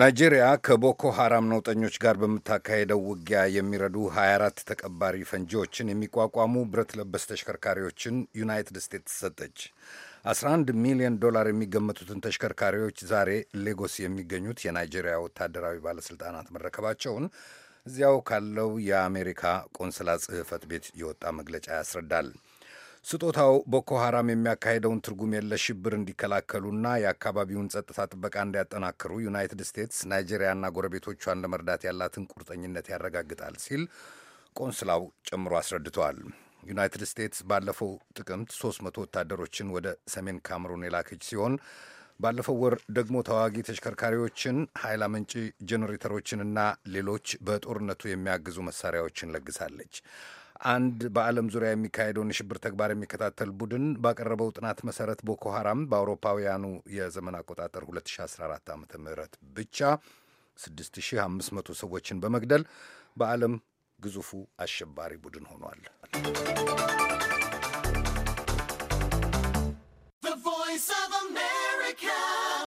ናይጄሪያ ከቦኮ ሐራም ነውጠኞች ጋር በምታካሄደው ውጊያ የሚረዱ 24 ተቀባሪ ፈንጂዎችን የሚቋቋሙ ብረት ለበስ ተሽከርካሪዎችን ዩናይትድ ስቴትስ ሰጠች። 11 ሚሊዮን ዶላር የሚገመቱትን ተሽከርካሪዎች ዛሬ ሌጎስ የሚገኙት የናይጄሪያ ወታደራዊ ባለሥልጣናት መረከባቸውን እዚያው ካለው የአሜሪካ ቆንስላ ጽሕፈት ቤት የወጣ መግለጫ ያስረዳል። ስጦታው ቦኮ ሐራም የሚያካሄደውን ትርጉም የለሽ ሽብር እንዲከላከሉና የአካባቢውን ጸጥታ ጥበቃ እንዲያጠናክሩ ዩናይትድ ስቴትስ ናይጄሪያና ጎረቤቶቿን ለመርዳት ያላትን ቁርጠኝነት ያረጋግጣል ሲል ቆንስላው ጨምሮ አስረድተዋል። ዩናይትድ ስቴትስ ባለፈው ጥቅምት 300 ወታደሮችን ወደ ሰሜን ካምሩን የላከች ሲሆን ባለፈው ወር ደግሞ ተዋጊ ተሽከርካሪዎችን፣ ኃይል አመንጪ ጄኔሬተሮችንና ሌሎች በጦርነቱ የሚያግዙ መሳሪያዎችን ለግሳለች። አንድ በዓለም ዙሪያ የሚካሄደውን የሽብር ተግባር የሚከታተል ቡድን ባቀረበው ጥናት መሰረት ቦኮ ሐራም በአውሮፓውያኑ የዘመን አቆጣጠር 2014 ዓ ም ብቻ 6500 ሰዎችን በመግደል በዓለም ግዙፉ አሸባሪ ቡድን ሆኗል።